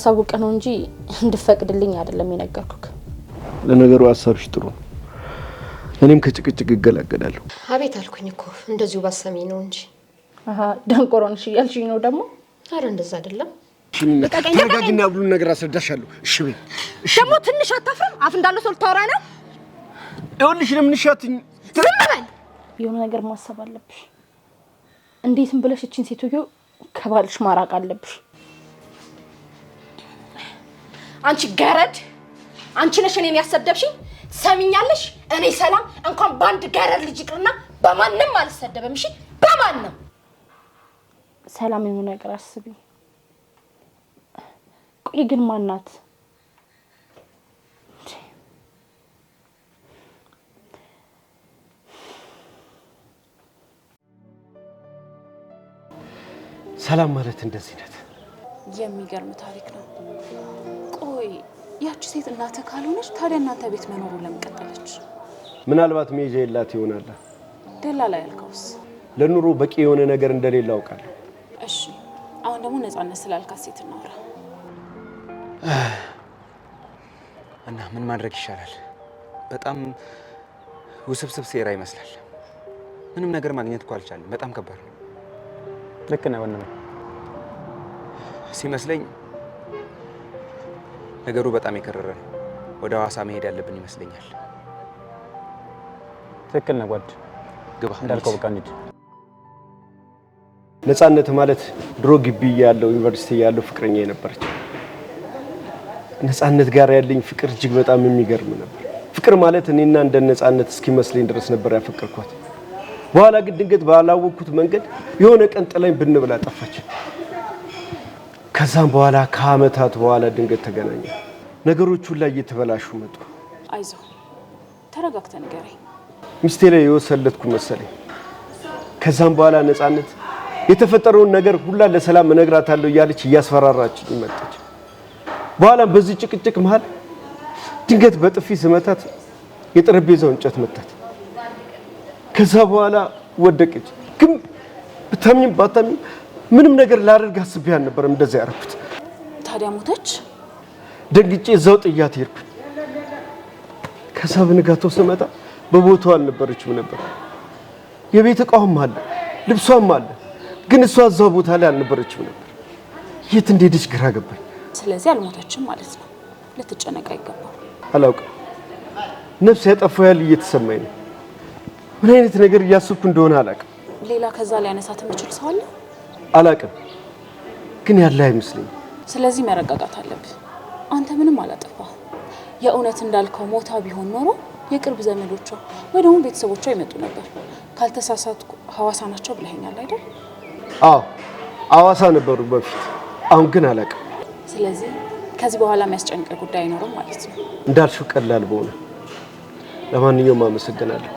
ሳውቅ ነው እንጂ እንድፈቅድልኝ አይደለም የነገርኩክ። ለነገሩ ሀሳብሽ ጥሩ ነው። እኔም ከጭቅጭቅ እገላገላለሁ። አቤት አልኩኝ እኮ እንደዚሁ ባሰሚ ነው እንጂ ደንቆሮንሽ እያልሽኝ ነው ደግሞ። አረ እንደዛ አይደለም። ተረጋጊና ብሉ ነገር አስረዳሻለሁ። እሺ ቤት ደግሞ ትንሽ አታፍርም? አፍ እንዳለ ሰው ልታወራ ነው። ይኸውልሽ ለምንሻትኝ ትልምናል። የሆነ ነገር ማሰብ አለብሽ። እንዴትም ብለሽ እችን ሴትዮ ከባልሽ ማራቅ አለብሽ። አንቺ ገረድ፣ አንቺ ነሽ እኔን ያሰደብሽኝ። ሰሚኛለሽ? እኔ ሰላም እንኳን በአንድ ገረድ ልጅ ይቅርና በማንም አልሰደብም። እሺ፣ በማንም ሰላም የሆነ ነገር አስቢ። ቆይ ግን ማናት? ሰላም ማለት እንደዚህ ነት የሚገርም ታሪክ ነው። ያቺ ሴት እናተ ካልሆነች ታዲያ እናንተ ቤት መኖሩ ለምቀጠለች? ምናልባት መሄጃ የላት ይሆናል። ደላላ ያልከውስ? ለኑሮ በቂ የሆነ ነገር እንደሌለ አውቃለሁ። እሺ አሁን ደግሞ ነፃነት ስላልካት ሴት እናውራ እና ምን ማድረግ ይሻላል? በጣም ውስብስብ ሴራ ይመስላል። ምንም ነገር ማግኘት እኮ አልቻለም። በጣም ከባድ ነው። ልክ ነህ ወንድሜ ሲመስለኝ ነገሩ በጣም የከረረ ነው። ወደ ሐዋሳ መሄድ ያለብን ይመስለኛል። ትክክል ነህ ጓድ። ግባ እንዳልከው በቃ እንሂድ። ነፃነት ማለት ድሮ ግቢ ያለው ዩኒቨርሲቲ ያለው ፍቅረኛ የነበረች ነፃነት ጋር ያለኝ ፍቅር እጅግ በጣም የሚገርም ነበር። ፍቅር ማለት እኔና እንደ ነፃነት እስኪመስለኝ ድረስ ነበር ያፈቀርኳት። በኋላ ግን ድንገት ባላወቅኩት መንገድ የሆነ ቀን ጥላኝ ብንብላ ጠፋች። ከዛም በኋላ ከአመታት በኋላ ድንገት ተገናኘ። ነገሮቹ ላይ እየተበላሹ መጡ። አይዞ ተረጋግተ ንገረኝ። ሚስቴ ላይ የወሰለትኩ መሰለኝ። ከዛም በኋላ ነፃነት የተፈጠረውን ነገር ሁላ ለሰላም እነግራታለሁ እያለች እያስፈራራች መጣች። በኋላም በዚህ ጭቅጭቅ መሀል ድንገት በጥፊ ስመታት የጠረጴዛው እንጨት መታት። ከዛ በኋላ ወደቀች። ግን ብታምኝም ባታምኝም ምንም ነገር ላደርግ አስቤ አልነበረም እንደዚህ ያደረኩት። ታዲያ ሞተች? ደንግጬ እዛው ጥያት ሄድኩኝ። ከዛ በንጋታው ስመጣ በቦታው አልነበረችም ነበር። የቤት እቃውም አለ ልብሷም አለ፣ ግን እሷ እዛው ቦታ ላይ አልነበረችም ነበር። የት እንደሄደች ግራ ገባኝ። ስለዚህ አልሞተችም ማለት ነው። ልትጨነቅ አይገባም። አላውቅም፣ ነፍስ ያጠፋው ያህል እየተሰማኝ ነው። ምን አይነት ነገር እያስብኩ እንደሆነ አላውቅም። ሌላ ከዛ ሊያነሳት የሚችል ሰው አለ? አላቅም፣ ግን ያለ አይመስለኝ። ስለዚህ መረጋጋት አለብህ። አንተ ምንም አላጠፋህ። የእውነት እንዳልከው ሞታ ቢሆን ኖሮ የቅርብ ዘመዶቿ ወይ ደግሞ ቤተሰቦቿ ይመጡ ነበር። ካልተሳሳትኩ ሐዋሳ ናቸው ብለኸኛል አይደል? አዎ ሐዋሳ ነበሩ በፊት፣ አሁን ግን አላቅም። ስለዚህ ከዚህ በኋላ የሚያስጨንቀ ጉዳይ አይኖርም ማለት ነው። እንዳልሽው ቀላል በሆነ ለማንኛውም አመሰግናለሁ፣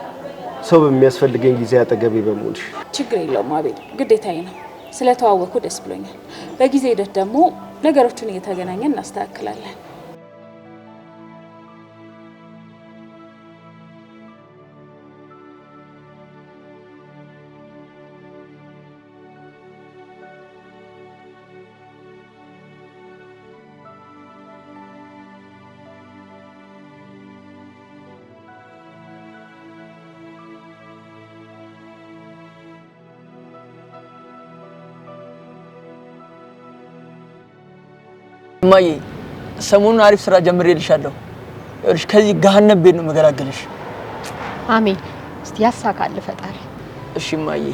ሰው በሚያስፈልገኝ ጊዜ አጠገቤ በመሆንሽ። ችግር የለውም አቤል፣ ግዴታዬ ነው። ስለተዋወቁ ደስ ብሎኛል። በጊዜ ሂደት ደግሞ ነገሮችን እየተገናኘን እናስተካክላለን። እማዬ ሰሞኑን አሪፍ ስራ ጀምሬልሻለሁ። ይኸውልሽ ከዚህ ገሀነም ቤት ነው መገላገልሽ። አሜን። እስቲ ያሳካል ፈጣሪ። እሺ እማዬ።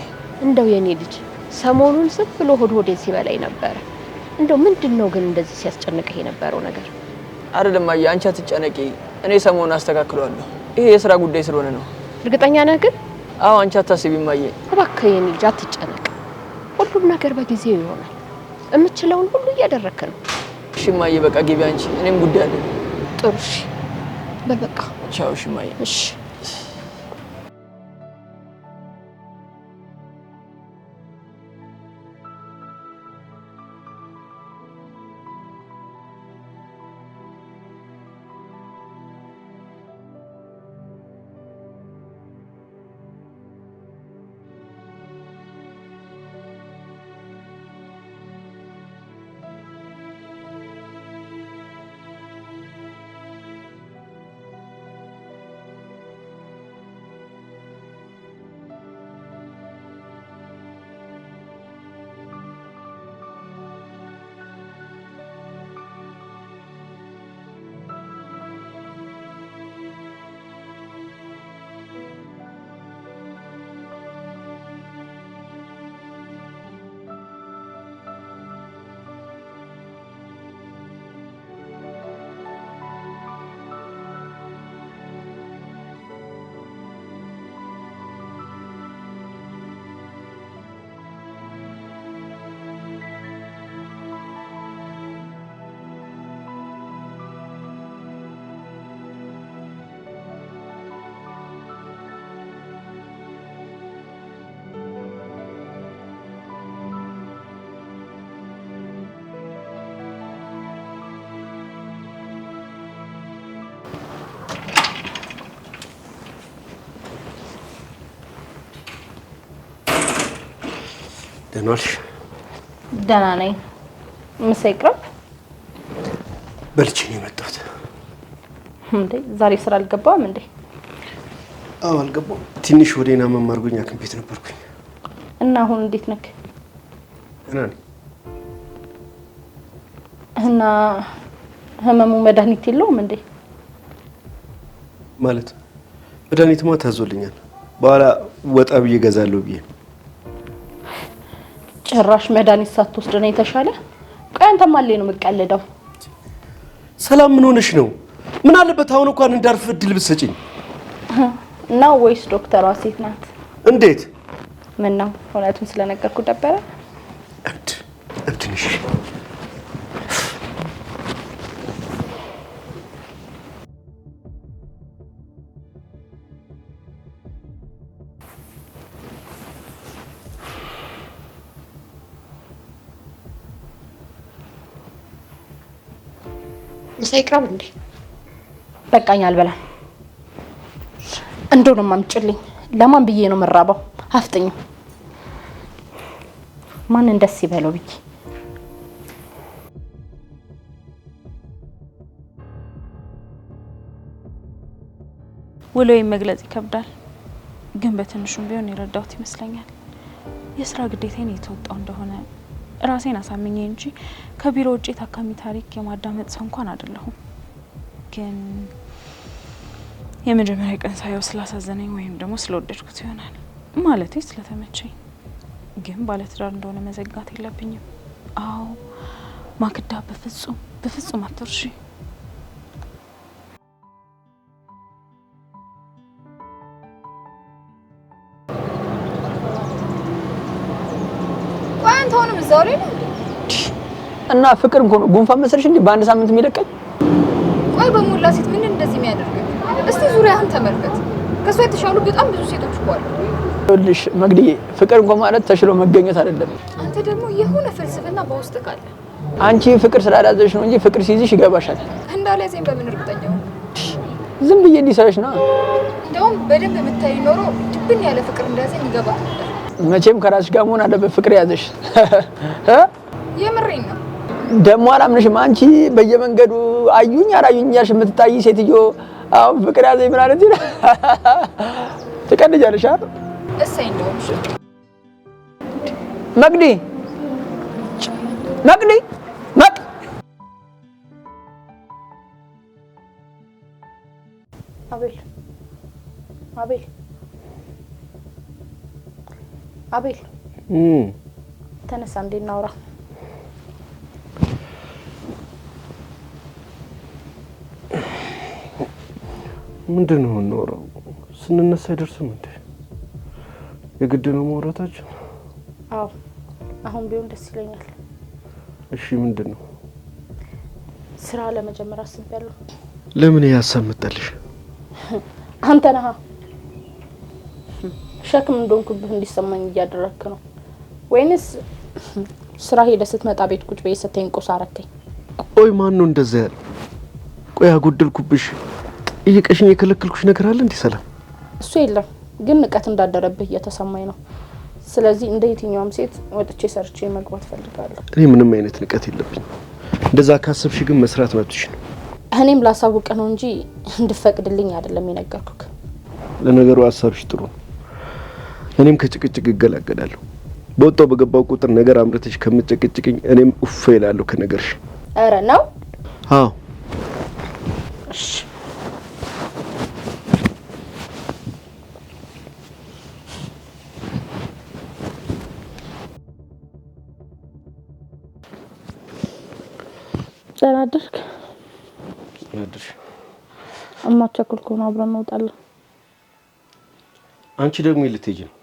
እንደው የኔ ልጅ ሰሞኑን ስብ ብሎ ሆድ ሆዴ ሲበላኝ ነበረ። እንደው ምንድን ነው ግን እንደዚህ ሲያስጨንቅህ የነበረው ነገር? አይደለም እማዬ፣ አንቺ አትጨነቂ። እኔ ሰሞኑን አስተካክለዋለሁ። ይሄ የስራ ጉዳይ ስለሆነ ነው። እርግጠኛ ነህ ግን? አዎ፣ አንቺ አታስቢ እማዬ። እባክህ የኔ ልጅ አትጨነቅ። ሁሉም ነገር በጊዜው ይሆናል። የምችለውን ሁሉ እያደረክ ነው። እሺ እማዬ፣ በቃ ግቢ አንቺ፣ እኔም ጉዳይ አለኝ። ጥሩ እሺ፣ በበቃ ቻው። እማዬ፣ እሺ ደህና ዋልሽ? ደህና ነኝ። ምሳ ይቅረብ። በልቼ ነው የመጣሁት። እንዴ ዛሬ ስራ አልገባም እንዴ? አዎ አልገባም። ትንሽ ወዴና መማርጎኝ ሐኪም ቤት ነበርኩኝ። እና አሁን እንዴት ነክ? ደህና እና ህመሙ መድኃኒት የለውም እንዴ? ማለት መድኃኒትማ ታዞልኛል። በኋላ ወጣ ብዬ እገዛለሁ ብዬ ጭራሽ መድኃኒት ሳትወስድ ነው የተሻለ። ቆይ አንተ ነው የምቀልደው። ሰላም ምን ሆነሽ ነው? ምን አለበት አሁን እንኳን እንዳርፍ እድል ብትሰጪኝ ነው ወይስ ዶክተሯ ሴት ናት? እንዴት ምን ነው እውነቱን ስለነገርኩ ደበረ? ምሳ ይቅረብ እንዴ? በቃኝ፣ አልበላም። ነው ማምጭልኝ ለማን ብዬ ነው የምራባው? አፍጥኝ። ማንን ደስ ይበለው ብዬ ውሎዬን መግለጽ ይከብዳል፣ ግን በትንሹም ቢሆን የረዳሁት ይመስለኛል። የስራ ግዴታዬን የተወጣው እንደሆነ ራሴን አሳምኜ እንጂ ከቢሮ ውጭ የታካሚ ታሪክ የማዳመጥ ሰው እንኳን አይደለሁም። ግን የመጀመሪያ ቀን ሳየው ስላሳዘነኝ ወይም ደግሞ ስለወደድኩት ይሆናል ማለት ስለተመቸኝ። ግን ባለትዳር እንደሆነ መዘጋት የለብኝም። አዎ ማክዳ፣ በፍጹም በፍጹም አትርሺ። እና ፍቅር እንኳን ጉንፋን መሰለሽ እንዴ በአንድ ሳምንት የሚለቀኝ? ቆይ በሞላ ሴት ምን እንደዚህ የሚያደርግ እስቲ ዙሪያህን ተመልከት። ከሷ የተሻሉ በጣም ብዙ ሴቶች እኮ አሉ። ይኸውልሽ መግድዬ ፍቅር እንኳን ማለት ተሽሎ መገኘት አይደለም። አንተ ደግሞ የሆነ ፍልስፍና በውስጥ ካለ አንቺ ፍቅር ስላላዘሽ ነው እንጂ ፍቅር ሲይዝሽ ይገባሻል። እንዳልያዘኝ በምን እርግጠኛ ዝም ብዬ እንዲሰራሽ ነው። እንደውም በደንብ የምታይ ኖሮ ድብን ያለ ፍቅር እንዳያዘኝ ይገባል። መቼም ከራስሽ ጋር መሆን አለበት ፍቅር ያዘሽ። የምሬኝ ነው። ደሞ አላምንሽም አንቺ በየመንገዱ አዩኝ አላዩኝ እያልሽ የምትታይ ሴትዮ አሁን ፍቅር ያዘኝ ምናለት ይላል። ትቀልጃለሽ አይደል? መቅዲ መቅዲ መቅ አቤል አቤል አቤል ተነሳ እንዴ እናውራ። ምንድን ነው የምናወራው? ስንነሳ አይደርስም እንዴ? የግድ ነው ማውራታችን? አዎ፣ አሁን ቢሆን ደስ ይለኛል። እሺ፣ ምንድን ነው? ስራ ለመጀመር አስቤያለሁ። ለምን ያሳብ አንተ ነህ ሸክም እንደሆንኩብህ እንዲሰማኝ እያደረግክ ነው። ወይንስ ስራ ሄደህ ስትመጣ ቤት ቁጭ በየሰተኝ ስትይኝ ቁስ አረከኝ? ቆይ ማን ነው እንደዛ ያለው? ቆይ አጎደልኩብሽ እየቀሽኝ የከለከልኩሽ ነገር አለ እንዴ? ሰላም፣ እሱ የለም ግን ንቀት እንዳደረብህ እየተሰማኝ ነው። ስለዚህ እንደ የትኛውም ሴት ወጥቼ ሰርቼ መግባት ፈልጋለሁ። እኔ ምንም አይነት ንቀት የለብኝ። እንደዛ ካሰብሽ ግን መስራት መብትሽ ነው። እኔም ላሳውቅ ነው እንጂ እንድፈቅድልኝ አይደለም የነገርኩክ። ለነገሩ ሀሳብሽ ጥሩ ነው። እኔም ከጭቅጭቅ እገላገላለሁ። በወጣው በገባው ቁጥር ነገር አምርተሽ ከምጨቅጭቅኝ እኔም እፎ ይላለሁ ከነገርሽ። ኧረ ነው። አዎ እሺ ደህና አደርክ? ያድርሽ። ከሆነ አብረን እንወጣለን። አንቺ ደግሞ ልትሄጂ ነው?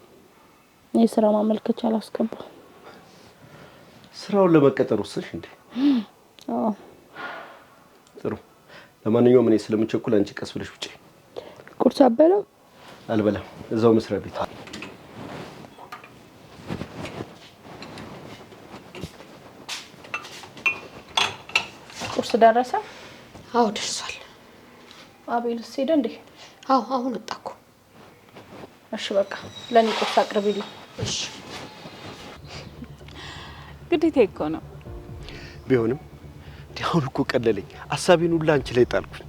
የስራ ማመልከቻ አላስገባ። ስራውን ለመቀጠር ወሰንሽ እንዴ? አዎ። ጥሩ። ለማንኛውም እኔ ስለምቸኩል አንቺ ቀስ ብለሽ ውጪ። ቁርስ አበላው? አልበላም፣ እዛው መስሪያ ቤት ቁርስ ደረሰ? አዎ ደርሷል። አቤል ሄደ እንዴ? አዎ አሁን ወጣኩ እሺ በቃ ለእኔ ቁርስ አቅርቢልኝ። እሺ ግዴታ እኮ ነው። ቢሆንም አሁን እኮ ቀለለኝ። አሳቢን ሁሉ አንቺ ላይ ጣልኩኝ።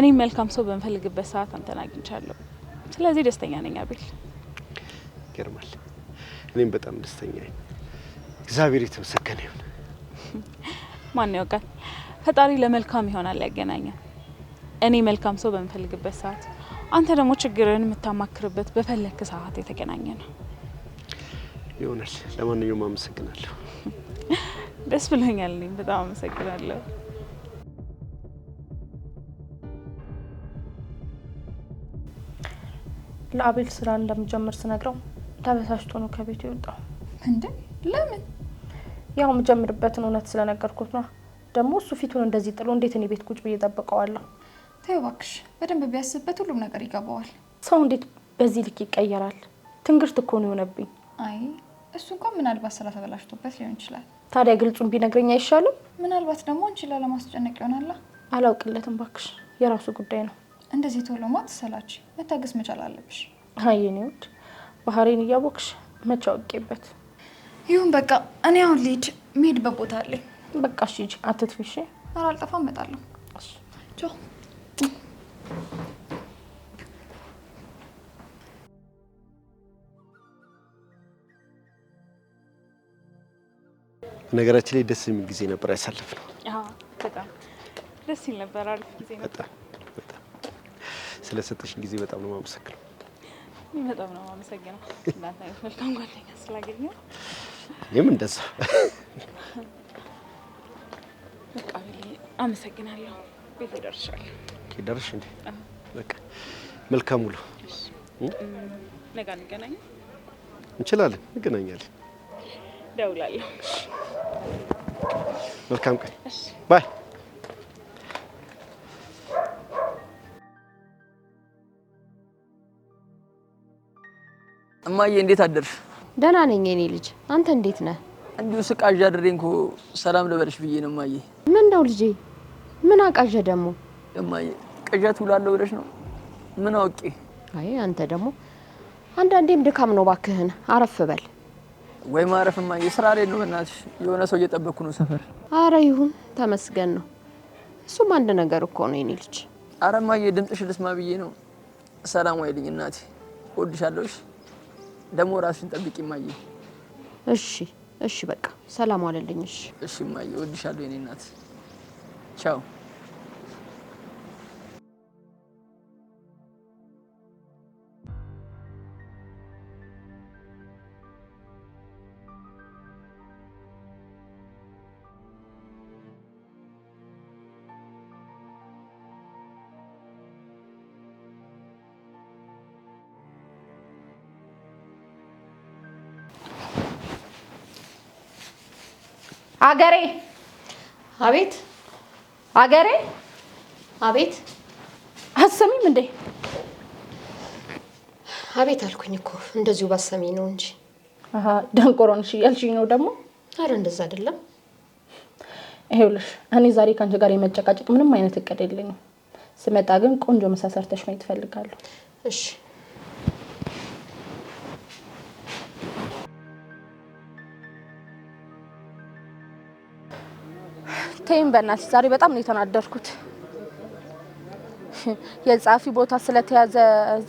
እኔም መልካም ሰው በምፈልግበት ሰዓት አንተን አግኝቻለሁ። ስለዚህ ደስተኛ ነኝ አቤል። ይገርማል። እኔም በጣም ደስተኛ ነኝ። እግዚአብሔር የተመሰገነ ይሁን። ማን ያውቃል? ፈጣሪ ለመልካም ይሆናል ያገናኘን። እኔ መልካም ሰው በምፈልግበት ሰዓት፣ አንተ ደግሞ ችግርን የምታማክርበት በፈለክ ሰዓት የተገናኘ ነው ይሆናል። ለማንኛውም አመሰግናለሁ። ደስ ብሎኛል። እኔም በጣም አመሰግናለሁ። ለአቤል ስራ እንደምጀምር ስነግረው ተበሳጭቶ ነው ከቤት የወጣው። እንዴ ለምን? ያው የምጀምርበትን እውነት ስለነገርኩት ነው። ደግሞ እሱ ፊቱን እንደዚህ ጥሎ እንዴት እኔ ቤት ቁጭ ብዬ ጠብቀዋለሁ? ተይው እባክሽ፣ በደንብ ቢያስብበት ሁሉም ነገር ይገባዋል። ሰው እንዴት በዚህ ልክ ይቀየራል? ትንግርት እኮ ነው የሆነብኝ። አይ እሱ እንኳን ምናልባት ስራ ተበላሽቶበት ሊሆን ይችላል። ታዲያ ግልጹን ቢነግረኝ አይሻልም? ምናልባት ደግሞ እንችላ ለማስጨነቅ ይሆናላ። አላውቅለትም ባክሽ የራሱ ጉዳይ ነው። እንደዚህ ቶሎ ማ ሰላች መታገስ መቻል አለብሽ። አይ እኔ ውድ ባህሬን እያወቅሽ መቼ አውቄበት ይሁን በቃ እኔ አሁን ልሂድ፣ የምሄድበት ቦታ አለ። በቃ እሺ ሂጂ፣ አትጥፊ። እሺ ኧረ አልጠፋም፣ እመጣለሁ። ነገራችን ላይ ደስ የሚል ጊዜ ነበር ያሳለፍነው። በጣም ደስ ይል ነበር፣ አሪፍ ጊዜ ነበር። ስለሰጠሽኝ ጊዜ በጣም ነው የማመሰግነው። በጣም ነው የማመሰግነው። እናንተ መልካም ጓደኛ ስላገኘው እኔም እንደዛ። በቃ አመሰግናለሁ። ቤት እደርሻለሁ። ደርሽ እንዴ? በቃ መልካም ውሎ። ነገ እንገናኝ እንችላለን። እንገናኛለን። እደውላለሁ። መልካም ቀን። ባይ እማዬ፣ እንዴት አደርሽ? ደህና ነኝ የኔ ልጅ፣ አንተ እንዴት ነህ? እንዲሁ ስቃዣ አድሬ ሰላም ልበልሽ ብዬ ነው እማዬ። ምን ነው ልጄ? ምን አቃዣ ደግሞ? እማዬ ቅዣት ውላለሁ ብለሽ ነው? ምን አውቄ። አይ አንተ ደግሞ አንዳንዴም ድካም ነው። ባክህን አረፍ በል። ወይ ማረፍ እማዬ፣ ስራ ላይ ነው። በእናትሽ የሆነ ሰው እየጠበቅኩ ነው ሰፈር። አረ ይሁን ተመስገን ነው። እሱም አንድ ነገር እኮ ነው የኔ ልጅ። አረ እማዬ ድምፅሽ ልስማ ብዬ ነው። ሰላም ወይልኝ እናቴ፣ እወድሻለሁ። ደግሞ ራስሽን ጠብቂ እማዬ። እሺ እሺ፣ በቃ ሰላም ዋለልኝ። እሺ እሺ በቃ ሰላም አለልኝ እሺ እሺ እማዬ እወድሻለሁ የኔ እናት። ቻው አገሬ አቤት አገሬ አቤት አሰሚም እንዴ አቤት አልኩኝ እኮ እንደዚሁ ባሰሚ ነው እንጂ ደንቆሮ ነሽ እያልሽኝ ነው ደግሞ አረ እንደዛ አይደለም ይኸውልሽ እኔ ዛሬ ከአንቺ ጋር የመጨቃጨቅ ምንም አይነት እቅድ የለኝም ስመጣ ግን ቆንጆ መሳሰርተሽ ማየት እፈልጋለሁ እሺ ተይም በእናትሽ ዛሬ በጣም ነው የተናደርኩት። የጻፊ ቦታ ስለተያዘ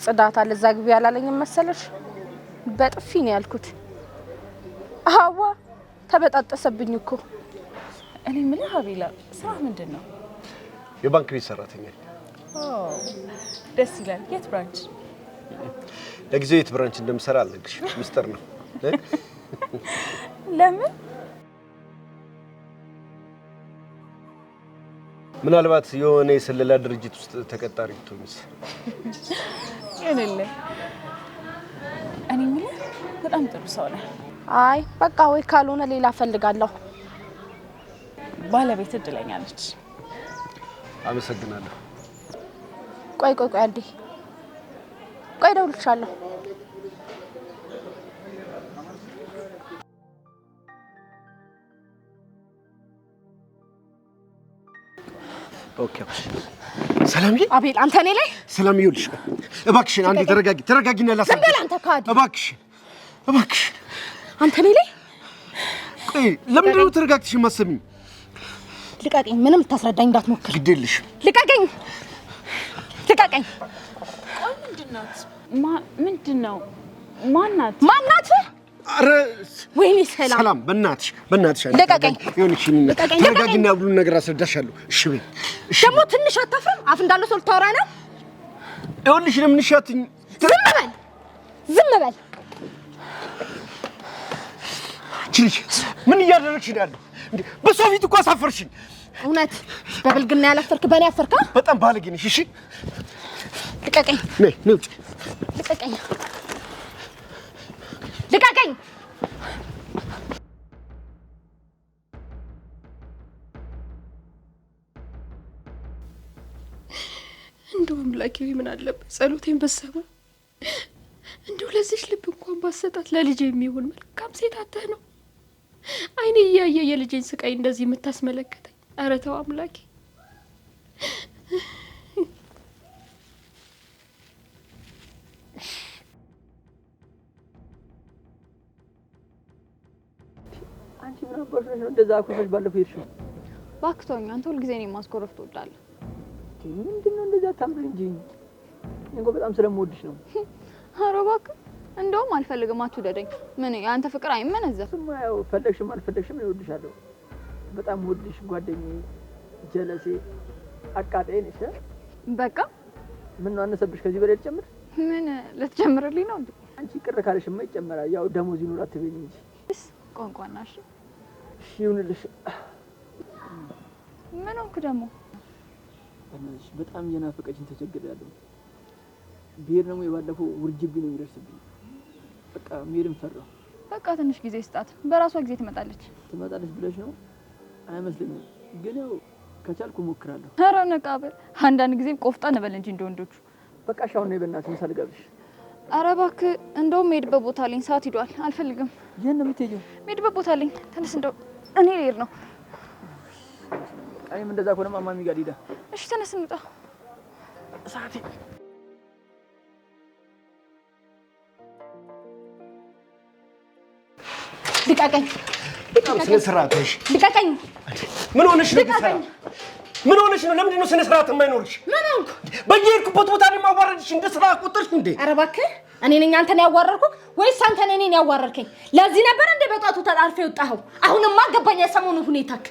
ጽዳት አለ እዛ ግቢ ያላለኝ መሰለሽ። በጥፊ ነው ያልኩት። አዋ ተበጣጠሰብኝ እኮ። እኔ ምን ሀቢላ ስራ ምንድን ነው? የባንክ ቤት ሰራተኛ። ደስ ይላል። የት ብራንች? ለጊዜው የት ብራንች እንደምሰራ አለግሽ፣ ሚስጥር ነው። ለምን ምናልባት የሆነ የስለላ ድርጅት ውስጥ ተቀጣሪ ብትሆኝስ? እኔ የምልህ በጣም ጥሩ ሰው ነህ። አይ በቃ ወይ ካልሆነ ሌላ ፈልጋለሁ። ባለቤት እድለኛ ነች። አመሰግናለሁ። ቆይ ቆይ ቆይ አንዴ ቆይ፣ እደውልልሻለሁ። ሰላምዬ አቤል፣ አንተ እኔ ላይ ሰላም። ይኸውልሽ እባክሽን አንዴ ተረጋጊ፣ ተረጋጊና ላሳ አንተ እባክሽን፣ እባክሽን አንተ እኔ ላይ ቆይ፣ ለምንድን ነው ተረጋግተሽ የማሰሚኝ? ልቀቀኝ፣ ምንም ልታስረዳኝ እንዳትሞክር። ግድ የለሽም። ልቀቀኝ፣ ልቀቀኝ። ቆይ ምንድን ናት? ማናት? ማናት? ወይኔ ሰላም ሰላም፣ በእናትሽ በእናትሽ፣ ልቀቀኝ። ተረጋጊና ሁሉን ነገር አስረዳሻለሁ። እሺ በይ። ደግሞ ትንሽ አታፍርም? አፍ እንዳለው ሰው ልታወራ ነው። ይኸውልሽ ለምን ሻትኝ። ዝም በል ዝም በል። ችልሽ ምን እያደረግሽ ነው ያለው? በሰው ፊት እኮ አሳፈርሽኝ። እውነት በብልግና ያላፈርክ በእኔ አፈርካ። በጣም ባለጌ ነሽ። እሺ ልቀቀኝ፣ ልቀቀኝ ልቀቀኝ! እንደው አምላኬ ምን አለበት ጸሎቴን በሰማ። እንደው ለዚች ልብ እንኳን ባሰጣት ለልጄ የሚሆን መልካም ሴት አተህ ነው አይኔ እያየ የልጄን ስቃይ እንደዚህ የምታስመለከተኝ። ኧረ ተው አምላኬ አስኮርፈሽ ነው እንደዛ ኮፈሽ ባለፈው ሄድሽው። እባክህ ተወኝ አንተ፣ ሁልጊዜ እኔን ማስኮረፍ ትወዳለህ። ምንድን ነው እንደዛ ታምሪ እንጂ እንጎ በጣም ስለምወድሽ ነው። ኧረ እባክህ እንደውም አልፈልግም፣ አትውደደኝ። ምን የአንተ ፍቅር አይመነዘር። እሱማ ያው ፈለግሽም አልፈለግሽም እወድሻለሁ። በጣም ወድሽ ጓደኛዬ፣ ጀለሴ፣ አቃጣይ ነሽ። በቃ ምን ነው አነሰብሽ? ከዚህ በላይ ልጨምር? ምን ልትጨምርልኝ ነው? አንቺ ቅር ካለሽማ ይጨመራል። ያው ደሞዝ ይኖር አትበይኝ እንጂ ቋንቋ ይሁንልሽ። ምን ሆንክ ደግሞ? በእናትሽ በጣም እየናፈቀችኝ ተቸግሬያለሁ። ብሄድ ደግሞ የባለፈው ውርጅብኝ ነው የሚደርስብኝ። በቃ መሄድም ፈራሁ። በቃ ትንሽ ጊዜ ስጣት፣ በራሷ ጊዜ ትመጣለች። ትመጣለች ብለሽ ነው? አይመስለኝም፣ ግን ያው ከቻልኩ እሞክራለሁ። ኧረ ነቃበል። አንዳንድ ጊዜም ቆፍጠን በል እንጂ እንደ ወንዶቹ። በቃ እሺ፣ አሁን ነይ በእናትሽ፣ ምሳ ኧረ እባክህ፣ እንደውም መሄድበት ቦታ አለኝ። ሰዓት ሂዷል፣ አልፈልግም። የት ነው የምትሄጂው? መሄድበት ቦታ አለኝ። ተነስ እንደው እኔ ልሄድ ነው። እኔም እንደዛ ከሆነ ማማሚ ጋር ሊዳ። እሺ ተነስ እንውጣ። ሰዓቴ ልቀቀኝ። በጣም ስነ ስርዓትሽ ልቀቀኝ። ምን ሆነሽ ነው? ምን ሆነሽ ነው? ለምንድን ነው ስነ ስርዓት የማይኖርሽ? ምን ሆንኩ? በየሄድኩበት ቦታ ላይ ማዋረድሽ እንደ ስራ ቆጠርሽ እንዴ? ኧረ እባክህ እኔ ነኝ አንተን ያዋረድኩ ወይስ አንተ ነህ እኔን ያዋረድከኝ? ለዚህ ነበር እንደ በጣቱ ተጣርፈ የወጣኸው? አሁንማ ገባኝ የሰሞኑ ሁኔታክ።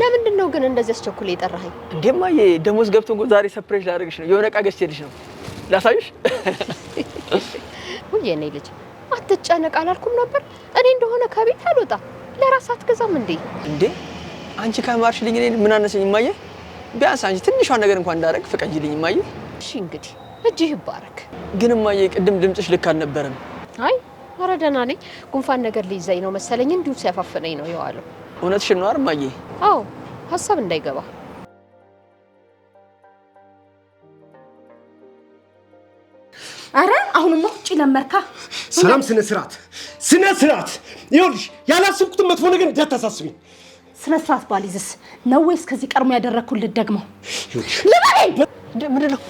ለምንድን ነው ግን እንደዚህ አስቸኩል የጠራኸኝ? እንዴማዬ ደሞዝ ገብቶ እንኳን ዛሬ ሰፕሬሽ ላደርግሽ ነው። የሆነ ዕቃ ገዝቼልሽ ነው ላሳይሽ። ውይ የእኔ ልጅ አትጨነቅ አላልኩም ነበር? እኔ እንደሆነ ከቤት አልወጣም ለራስ አትገዛም እንዴ? እንዴ አንቺ ካማርሽልኝ እኔ ምን አነሰኝ? እማዬ ቢያንስ አንቺ ትንሿን ነገር እንኳን እንዳደረግ ፍቀጅልኝ እማዬ። እሺ እንግዲህ እጅህ ይባረክ። ግን እማዬ ቅድም ድምፅሽ ልክ አልነበረም። አይ ኧረ ደህና ነኝ። ጉንፋን ነገር ሊይዘኝ ነው መሰለኝ እንዲሁ ሲያፋፍነኝ ነው የዋለው። እውነትሽን ነው እማዬ? አዎ ሀሳብ እንዳይገባ አረ አሁንማ ውጪ ለመርካ ሰላም፣ ስነ ስርዓት፣ ስነ ስርዓት። ይኸውልሽ ያላስብኩትን መጥፎ ነገር እንዳታሳስቢኝ። ስነ ስርዓት ባሊዝስ ነው ወይስ ከዚህ ቀድሞ ያደረግኩልህ ደግመው ልበለኝ? ምንድን ነው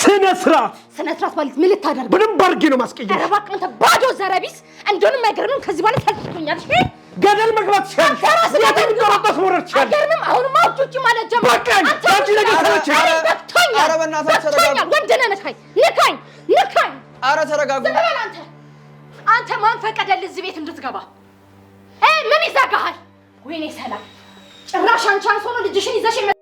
ስነ ስርዓት ስነ ስርዓት ባሊዝ ምን ልታደርግ? በደንብ አድርጌ ነው ማስቀየር። ኧረ እባክህ አንተ ባዶ ዘረቢስ፣ እንደውንም አይገርምም። ከዚህ በኋላ ታልጥቶኛል። ገደል መግባት ትችላለሽ። የሚቆረጠስ ማለት ጀመረ። አንቺ ነገር አንተ። አንተ ማን ፈቀደልህ እዚህ ቤት እንድትገባ? ምን ይዘጋሃል? ወይኔ ሰላም! ጭራሽ አንቺ አንሶ ልጅሽን ይዘሽ